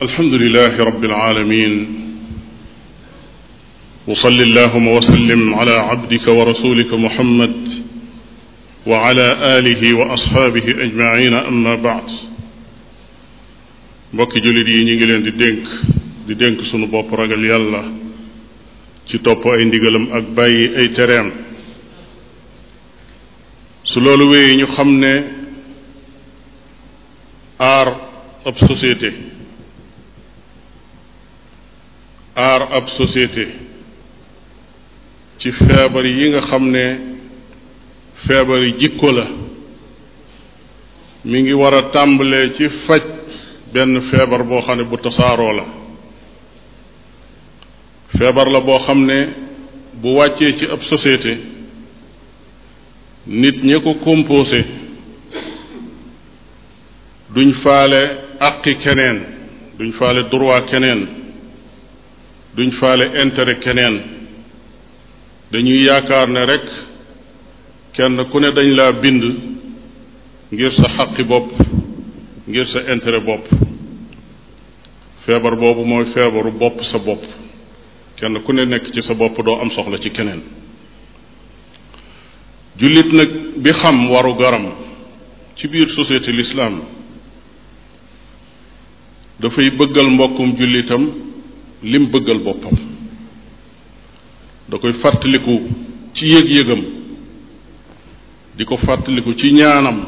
alhamdulilahi rabbil aalamiin wa salli allaahumma wa sallim ala abdika wa rasulika muhammad wa ala aalihi wa asxaabihi ajmaciina amma baad mbokki jullit yi ñu ngi leen di dénk di dénk sunu bopp ragal yàlla ci topp ay ndigalam ak bàyyi ay tereem su loolu wéyee ñu xam ne aar ab aar ab société ci feebar yi nga xam ne feebar yi jikko la mu ngi war a tàmbalee ci faj benn feebar boo xam ne bu tasaaroo la feebar la boo xam ne bu wàccee ci ab société nit ña ko composé duñ faale àqi keneen duñ faale droit keneen duñ faale intérêt keneen dañuy yaakaar ne rekk kenn ku ne dañ laa bind ngir sa xaqi bopp ngir sa intérêt bopp feebar boobu mooy feebaru bopp sa bopp kenn ku ne nekk ci sa bopp doo am soxla ci keneen jullit nag bi xam waru garam ci biir société l'islam dafay bëggal mbokkum jullitam lim bëggal boppam da koy fàttaliku ci yëg-yëgam di ko fàttaliku ci ñaanam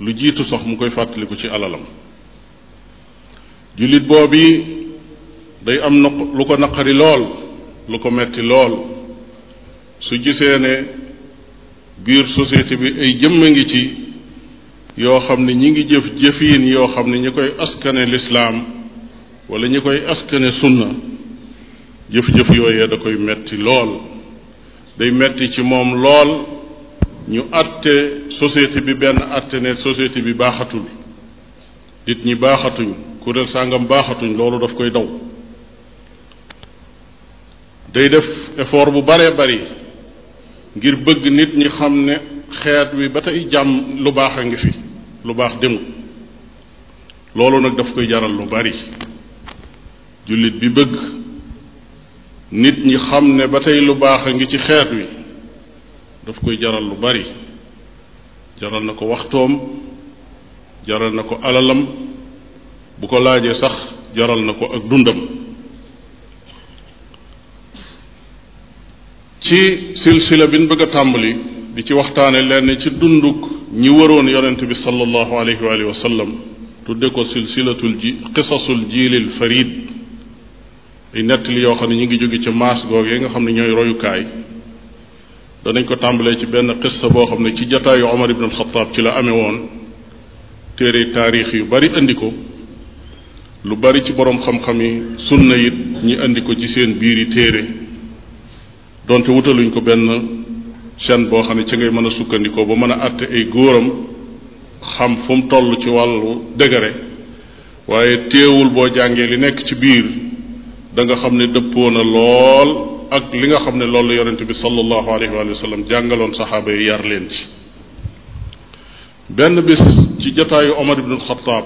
lu jiitu sax mu koy fàttaliku ci alalam jullit boobu day am na lu ko naqari lool lu ko metti lool su gisee ne biir société bi ay jëmm a ngi ci yoo xam ne ñi ngi jëf jëfiin yoo xam ne ñu koy askane lislaam wala ñi koy askane sunna jëf-jëf yooyee da koy metti lool day metti ci moom lool ñu àtte société bi benn àtte ne société bi baaxatul nit ñi baaxatuñ kuréel sàngam baaxatuñ loolu daf koy daw day def effort bu baree bari ngir bëgg nit ñi xam ne xeet wi ba tey jàmm lu baax a ngi fi lu baax demul loolu nag daf koy jaral lu bari jullit bi bëgg nit ñi xam ne ba tey lu baax a ngi ci xeet wi daf koy jaral lu bari jaral na ko waxtoom jaral na ko alalam bu ko laajee sax jaral na ko ak dundam ci silsila bi ñu bëgg tàmbali bi ci waxtaane lenn ci dunduk ñi waroon yonent bi sallallahu alayhi wa sallam tudde ko silsilatul ji qisasul jiilil farid nett li yoo xam ne ñu ngi jóge ca maas googee nga xam ne ñooy royukaay danañ ko tàmbalee ci benn xissa boo xam ne ci jataayu Omar ibn al-Khattab ci la amee woon téere taarix yu bari indi ko lu bari ci boroom xam-xam yi sunna it ñi indi ko ci seen biir yi téere donte wutaluñ ko benn chaîne boo xam ne ci ngay mën a sukkandikoo ba mën a àtte ay góoram xam fu mu ci wàllu dëgëre waaye téewul boo jàngee li nekk ci biir danga xam ne dëppoo na lool ak li nga xam ne loolu la yonent bi sallallahu alayhi wa jàngaloon saxaaba yu yar leen ci benn bis ci jataayu Omar ibn Xattaab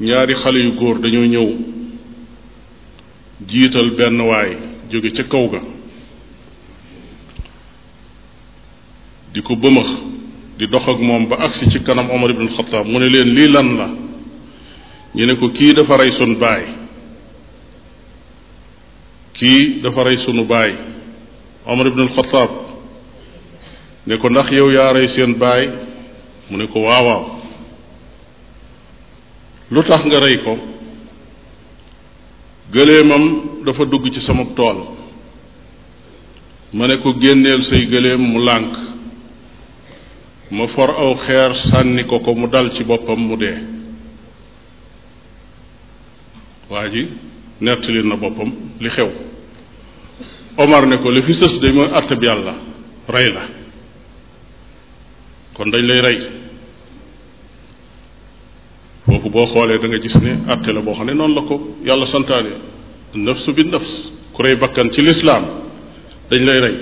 ñaari xale yu góor dañoo ñëw jiital benn waay jóge ca kaw ga di ko bëmax di dox ak moom ba agsi ci kanam Omar ibn Xattaab mu ne leen lii lan la ñu ne ko kii dafa rey sunu baay kii dafa rey sunu baay Omar ibn al-Khattab ne ko ndax yow yaa rey seen baay mu ne ko waawaaw lu tax nga rey ko gëléemam dafa dugg ci sama tool ma ne ko génneel say gëléem mu lànk ma for aw xeer sànni ko ko mu dal ci boppam mu dee waa ji nettali na boppam li xew Omar ne ko li fi sës de mooy àtte bi yàlla rey la kon dañ lay rey kooku boo xoolee da gis ne àtte la boo xam ne noonu la ko yàlla santaane nafsu bi nafs ku rey bakkan ci lislaam dañ lay rey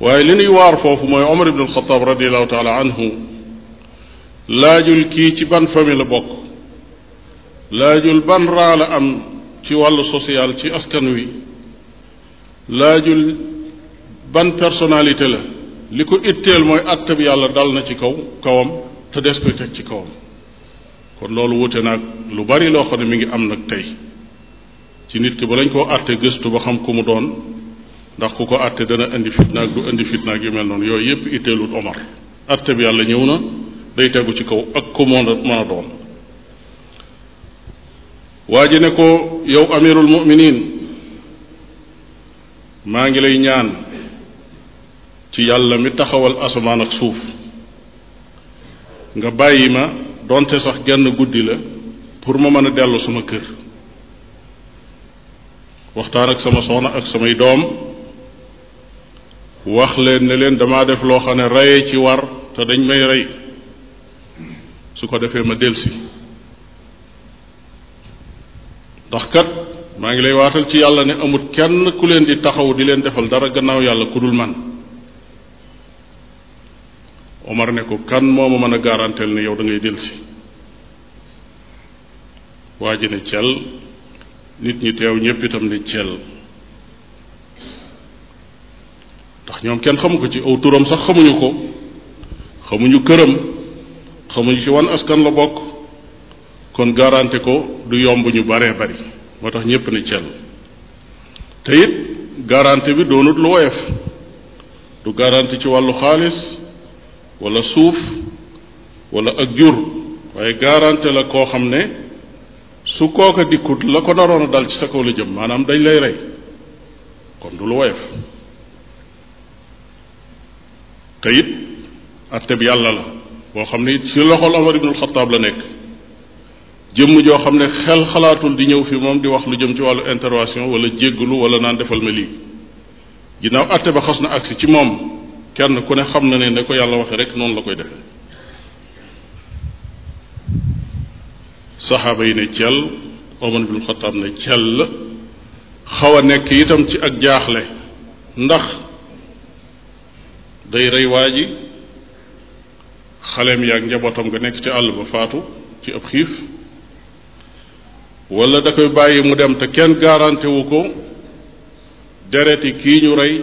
waaye li nuy waar foofu mooy Omar ibn al-Khattab radiallahu taala anhu laajul kii ci ban famille la bokk laajul ban raa la am ci wàllu social ci askan wi laajul ban personnalité la li ko itteel mooy àttab yàlla dal na ci kaw kawam te des koy teg ci kawam kon loolu wute naag lu bari loo xam ne mi ngi am nag tey ci nit ki ba lañ koo àtte gëstu ba xam ku mu doon ndax ku ko àtte dana indi fitnaag du indi fitnaag yu mel noonu yooyu yépp itteelut Omar àtte yàlla ñëw na day tegu ci kaw ak ku moo mën a doon waa ji ne ko yow amirul muminin maa ngi lay ñaan ci yàlla mi taxawal asamaan ak suuf nga bàyyi ma donte sax genn guddi la pour ma mën a dellu sama kër waxtaan ak sama soxna ak samay doom wax leen ne leen damaa def loo xam ne reye ci war te dañ may rey su ko defee ma delsi ndax kat maa ngi lay waatal ci yàlla ne amul kenn ku leen di taxaw di leen defal dara gannaaw yàlla ku dul man Omar ne ko kan moo ma mën a garanteel ne yow dangay ngay delsi waa ji ne cel nit ñi teew ñépp itam ne cel ndax ñoom kenn xamu ko ci aw turam sax xamuñu ko xamuñu këram xamuñu ci wan askan la bokk kon garanti ko du yomb ñu baree bari moo tax ñépp ne cell te garante bi doonut lu woyof du garanti ci wàllu xaalis walla suuf wala ak jur waaye garanti la koo xam ne su kooka dikkut la ko naroon a dal ci sa kaw la jëm maanaam dañ lay rey kon du lu woyof te it atte yàlla la boo xam ne it ci loxol Omar ibnul Xataab la nekk jëmm joo xam ne xel xalaatul di ñëw fi moom di wax lu jëm ci wàllu intervention wala jégglu wala naan defal ma lii ginnaaw àtte ba xas na agsi ci moom kenn ku ne xam na ne ne ko yàlla waxe rek noonu la koy defee saxaaba yi ne cell Omar bin Xataab ne cell xaw a nekk itam ci ak jaaxle ndax day rey waa ji xaleem yaag njabootam nga nekk ci àll ba faatu ci ab xiif wala da koy bàyyi mu dem te kenn garanti wu ko dereti kii ñu rey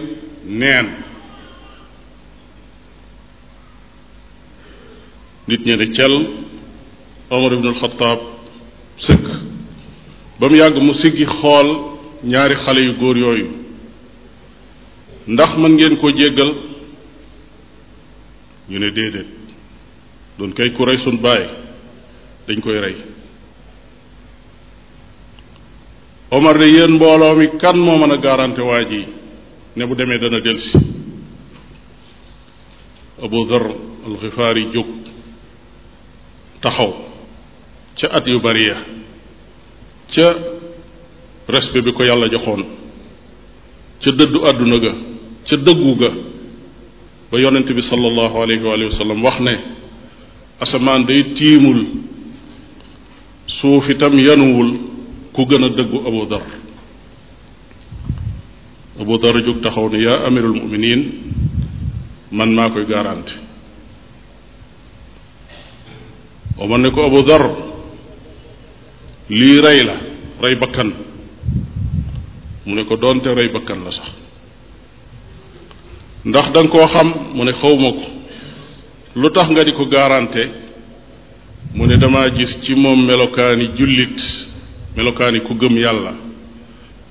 neen nit ñi ne cel Omar ibn al-Khattab sëkk ba mu yàgg mu siggi xool ñaari xale yu góor yooyu ndax mën ngeen koo jéggal ñu ne déedéet doon kay ku rey sun baay dañ koy rey Omar de yéen mbooloo mi kan moo mën a garanté waa ji ne bu demee dana delsi Abu Dhar al-Ghifari jóg taxaw ca at yu bari ya ca respect bi ko yàlla joxoon ca dëddu àdduna ga ca dëggu ga ba yonent bi sallallahu alayhi wa sallam wax ne asamaan day tiimul suuf itam yenuwul ku gën a dëggu abu dar abu jóg taxaw ne yaa amirul muminin man maa koy garanti omar ne ko abu dar lii rey la rey bakkan mu ne ko doonte rey bakkan la sax ndax da koo xam mu ne xawma ko lu tax nga di ko garante mu ne dama gis ci moom melokaani jullit melokaani ku gëm yàlla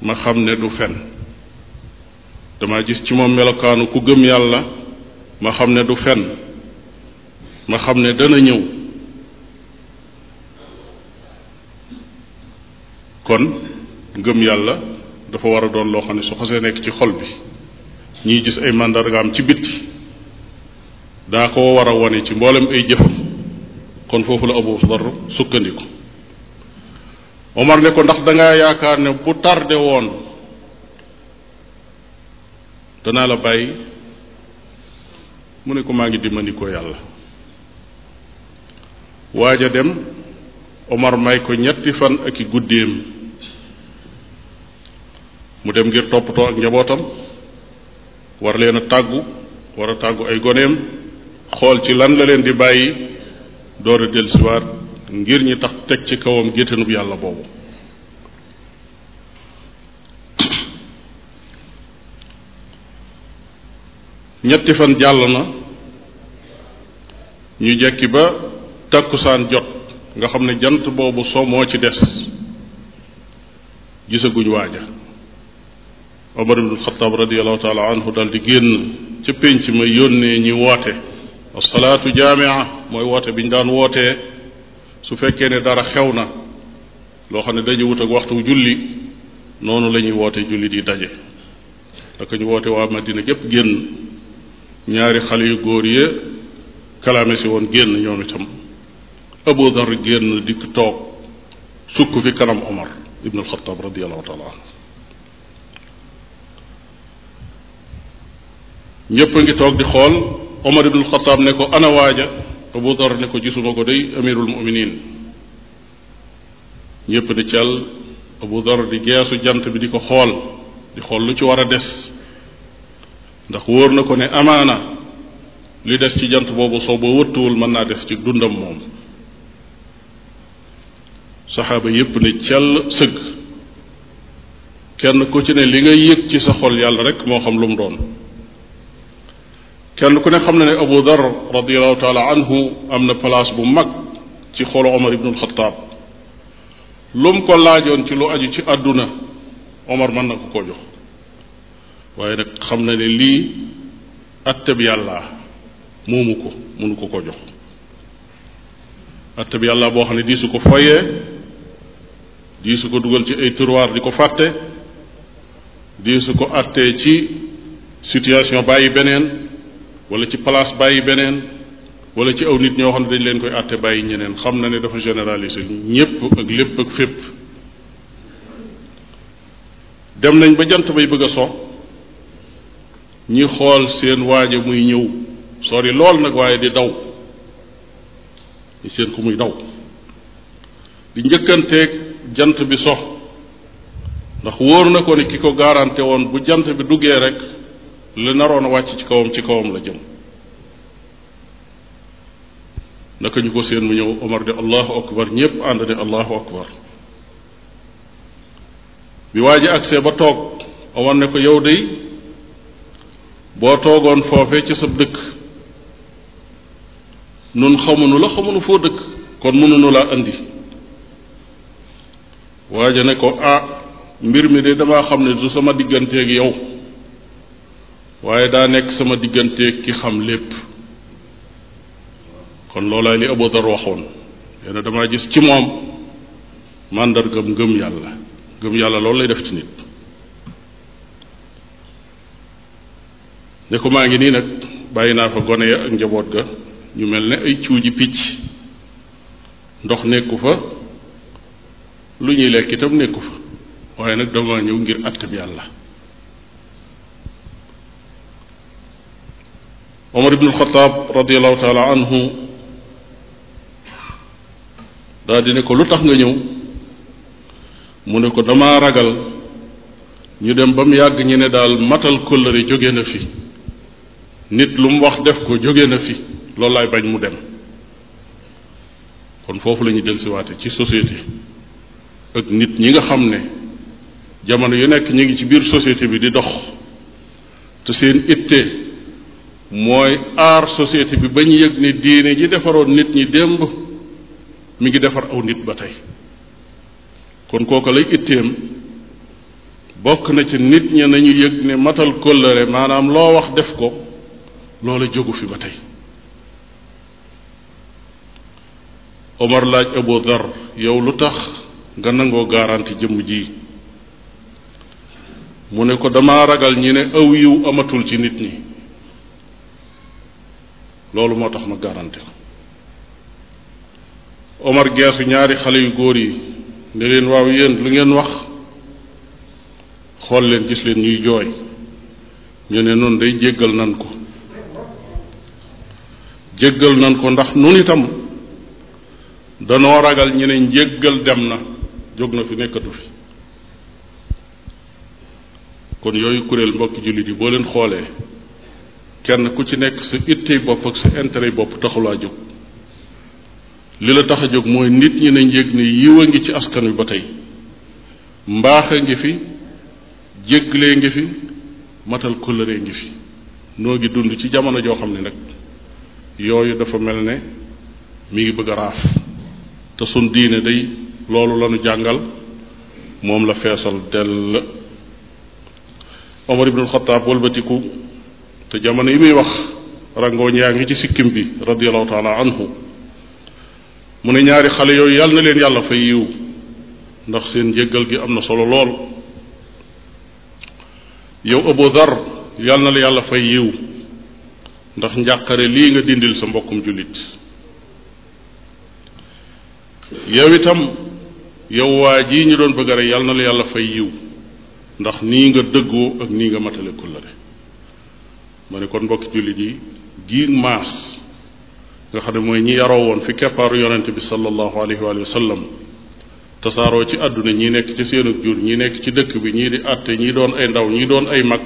ma xam ne du fen dama gis ci moom melokaanu ku gëm yàlla ma xam ne du fenn ma xam ne dana ñëw kon gëm yàlla dafa war a doon loo xam ne su xasee nekk ci xol bi ñiy gis ay màndargaam ci bitti daa ko war a wone ci mboolem ay jëfam kon foofu la Abu Dharr sukkandiku Omar ne ko ndax dangaa yaakaar ne bu tardé woon danaa la bàyyi mu ne ko maa ngi dimbandikoo yàlla waaja dem Omar may ko ñetti fan ak i guddeem mu dem ngir toppatoo ak njabootam war leen a tàggu war a tàggu ay goneem xool ci lan la leen di bàyyi door a dellusiwaat ngir ñi tax teg ci kawam géttanub yàlla boobu ñetti fan jàll na ñu jekki ba takkusaan jot nga xam ne jant boobu so moo ci des gisaguñ waaja Omar ibn Xataab radiallahu taala anhu dal di génn ca pénc ma yónnee ñuy woote asalaatu jaamia mooy woote bi ñu daan wootee su fekkee ne dara xew na loo xam ne dañu wut ak waxtu julli noonu lañuy woote julli di daje daka ñu woote waa Madina gépp génn ñaari xale yu góor ya kalaame si woon génn ñoom itam Abu Dar génn dikk toog sukk fi kanam Omar ibn al-Khattab radiyallahu taala anhu ñëpp ngi toog di xool Omar ibn al ne ko ana waaja Abu Dar ne ko gisuma ko day amirul muminin ñëpp di cal Abu Dar di geesu jant bi di ko xool di xool lu ci war a des ndax wóor na ko ne amaana li des ci jant boobu soo boo wëttuwul mën naa des ci dundam moom saxaaba yépp ne cell sëgg kenn ku ci ne li ngay yëg ci sa xol yàlla rek moo xam lu mu doon kenn ku ne xam na ne Abu Dar radiallahu taala anhu am na place bu mag ci xolu Omar ibn al-Khattab ko laajoon ci lu aju ci àdduna mën na ko koo xam na ne lii atteb yàlla moomu ko mënu ko koo jox atteb yàlla boo xam ne diisu ko foyee diisu ko dugal ci ay tiroir di ko fàtte diisu ko attee ci situation bàyyi beneen wala ci place bàyyi beneen walla ci aw nit ñoo xam ne dañ leen koy àtte bàyyi ñeneen xam na ne dafa généraliser ñépp ak lépp ak fépp dem nañ ba jant bay bëgg a so ñi xool seen waaja muy ñëw sori lool nag waaye di daw ñi seen ku muy daw di njëkkanteek jant bi so ndax wóor na ko ne ki ko garanté woon bu jant bi duggee rek li naroon a wàcc ci kawam ci kawam la jëm naka ñu ko seen mu ñëw Omar di allahu akbar ñépp ànd ne allahu akbar bi waa agsee ba toog Omar ne ko yow day boo toogoon foofe ci sab dëkk nun xamunu la xamunu foo dëkk kon mënunu laa indi waa ja ne ko ah mbir mi de dama xam ne du sama digganteeg yow waaye daa nekk sama digganteeg ki xam lépp kon loolaay li Abu Dar waxoon nee na damaa gis ci moom màndargam ngëm yàlla gëm yàlla loolu lay def ci nit ne ko maa ngi nii nag bàyyi naa fa gone ak njaboot ga ñu mel ne ay cuuji picc ndox nekku fa lu ñuy lekk itam nekku fa waaye nag dama ñëw ngir attab yàlla Omar ibn al-Khattab radiallahu taala anhu daal di ne ko lu tax nga ñëw mu ne ko damaa ragal ñu dem ba mu yàgg ñu ne daal matal kóllëre jóge na fi nit lu mu wax def ko jóge na fi loolu laay bañ mu dem kon foofu la ñu del siwaate ci société ak nit ñi nga xam ne jamono yu nekk ñu ngi ci biir société bi di dox te seen itte mooy aar société bi ba ñu yëg ne diine ji defaroon nit ñi démb mu ngi defar aw nit ba tey kon kooku lay itteem bokk na ci nit ña nañu yëg ne matal kóllëre maanaam loo wax def ko loola jógu fi ba tey Omar laaj Abu Dar yow lu tax nga nangoo garanti jëmm ji mu ne ko dama ragal ñi ne aw yiw amatul ci nit ñi loolu moo tax ma garanti ko Omar geesu ñaari xale yu góor yi ne leen waaw yéen lu ngeen wax xool leen gis leen ñuy jooy ñu ne noonu day jéggal nan ko jéggal nan ko ndax nun itam danoo ragal ñu ne njéggal dem na jóg na fi nekkatu fi kon yooyu kuréel mbokki jullit yi boo leen xoolee kenn ku ci nekk it ittey bopp ak sa intérêt bopp taxulaa jóg li la tax a jóg mooy nit ñi nañ yëg ne yiw a ngi ci askan wi ba tey mbaax a ngi fi jéglee ngi fi matal kóllëre ngi fi noo ngi dund ci jamono joo xam ne nag yooyu dafa mel ne mi ngi bëgg a raaf te sun diine day loolu lanu jàngal moom la feesal dell Omar ibnul Xataab wëlbatiku te jamono yi muy wax rangooñ yaa ngi ci sikkim bi radiallahu taala anhu mu ne ñaari xale yooyu yàlla na leen yàlla fay yiw ndax seen jéggal gi am na solo lool yow Abu Dhar yàlla na la yàlla fay njàqare lii nga dindil sa mbokkum jullit yow itam yow waa jii ñu doon bëgga a rey na la yàlla fay yiw ndax nii nga dëggoo ak nii nga matale kullare ma ne kon mbokki jullit yi giig maas nga xam ne mooy ñi yaroo woon fi keppaaru yonente bi sallallahu alayhi wa sallam tasaaroo ci àdduna ñi nekk ci seenu jur ñi nekk ci dëkk bi ñii di àtte ñi doon ay ndaw ñi doon ay mag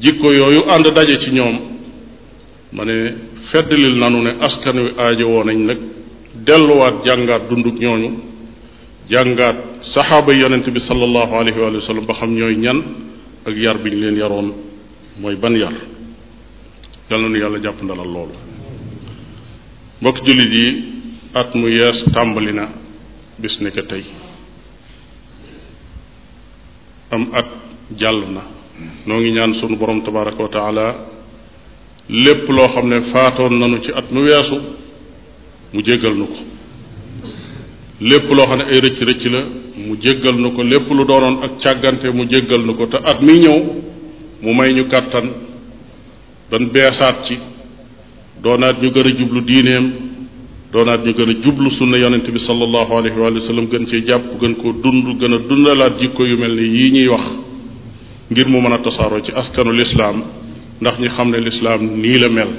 jikko yooyu ànd daje ci ñoom ma ne feddlil nanu ne askan wi aajo woo nañ nag delluwaat jàngaat dunduk ñooñu jàngaat saxaaba yonent bi sallallahu alayhi wa sallam ba xam ñooy ñan ak yar bi ñu leen yaroon mooy ban yar yàlla nu yàlla jàpp ndalal loolu mbokk jullit yi at mu yees tàmbali na bis ne tey am at jàll na noo ngi ñaan sunu borom tabaraka wa lépp loo xam ne faatoon nanu ci at mu weesu mu jéggal nu ko lépp loo xam ne ay rëcc rëcc la mu jéggal nu ko lépp lu doonoon ak càggante mu jéggal nu ko te at mi ñëw mu may ñu kàttan ban beesaat ci doonaat ñu gën a jublu diineem doonaat ñu gën a jublu sunna yonent bi sallallahu alayhi wa sallam gën cee jàpp gën koo dund gën a dundalaat jikko yu mel ni yii ñuy wax ngir mu mën a tasaaroo ci askanu lislaam ndax ñi xam ne lislaam nii la mel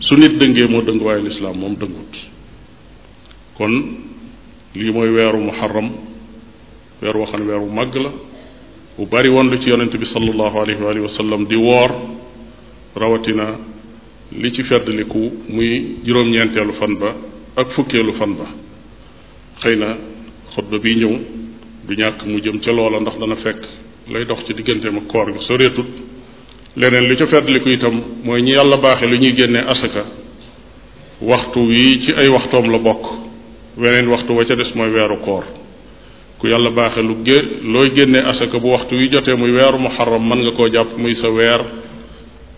su nit dëngee moo dëng waaye lislaam moom dëngut kon lii mooy weeru muharram weer waxan weer wu màgg la bu bari woon lu ci yonent bi sallallahu alayhi wa sallam di woor rawatina li ci feddliku muy juróom-ñeenteelu fan ba ak fukkeelu fan ba xëy na xutba bi ñëw bu ñàkk mu jëm ca loola ndax dana fekk lay dox ci digganteem ak koor gi soreetut leneen li ca feddliku itam mooy ñi yàlla baaxe lu ñuy génnee asaka waxtu wi ci ay waxtoom la bokk weneen waxtu wa ca des mooy weeru koor ku yàlla baaxe lu gé looy génnee asaka bu waxtu wi jotee muy weeru muharram mën nga koo jàpp muy sa weer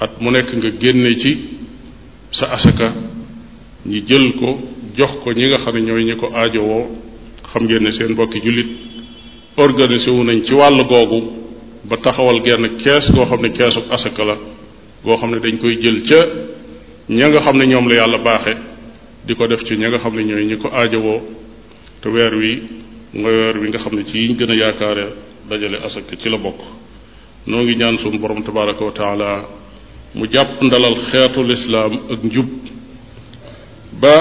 at mu nekk nga génne ci sa asaka ñi jël ko jox ko ñi nga xam ne ñooy ñi ko aajowoo xam ngeen ne seen mbokki jullit organisé nañ ci wàll googu ba taxawal genn kees goo xam ne keesu asaka la goo xam ne dañ koy jël ca ña nga xam ne ñoom la yàlla baaxe di ko def ci ña nga xam ne ñooy ñi ko aajowoo te weer wi nga weer wi nga xam ne ci yiñ gën a yaakaare dajale asaka ci la bokk noo ngi ñaan suñu borom tabaraka wa taala mu jàpp ndalal xeetu lislaam ak njub ba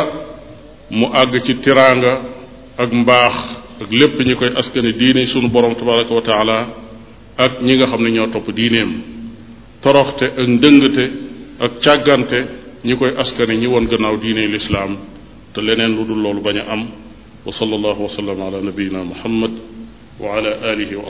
mu àgg ci tiraanga ak mbaax ak lépp ñi koy askane diine sunu borom tabaraka wa taala ak ñi nga xam ne ñoo topp diineem toroxte ak ndëngte ak càggante ñi koy askane ñi woon gannaaw diine lislaam te leneen lu dul loolu bañ a am wa sallallahu wa sallam ala nabiyina muhammad wa ala alihi wa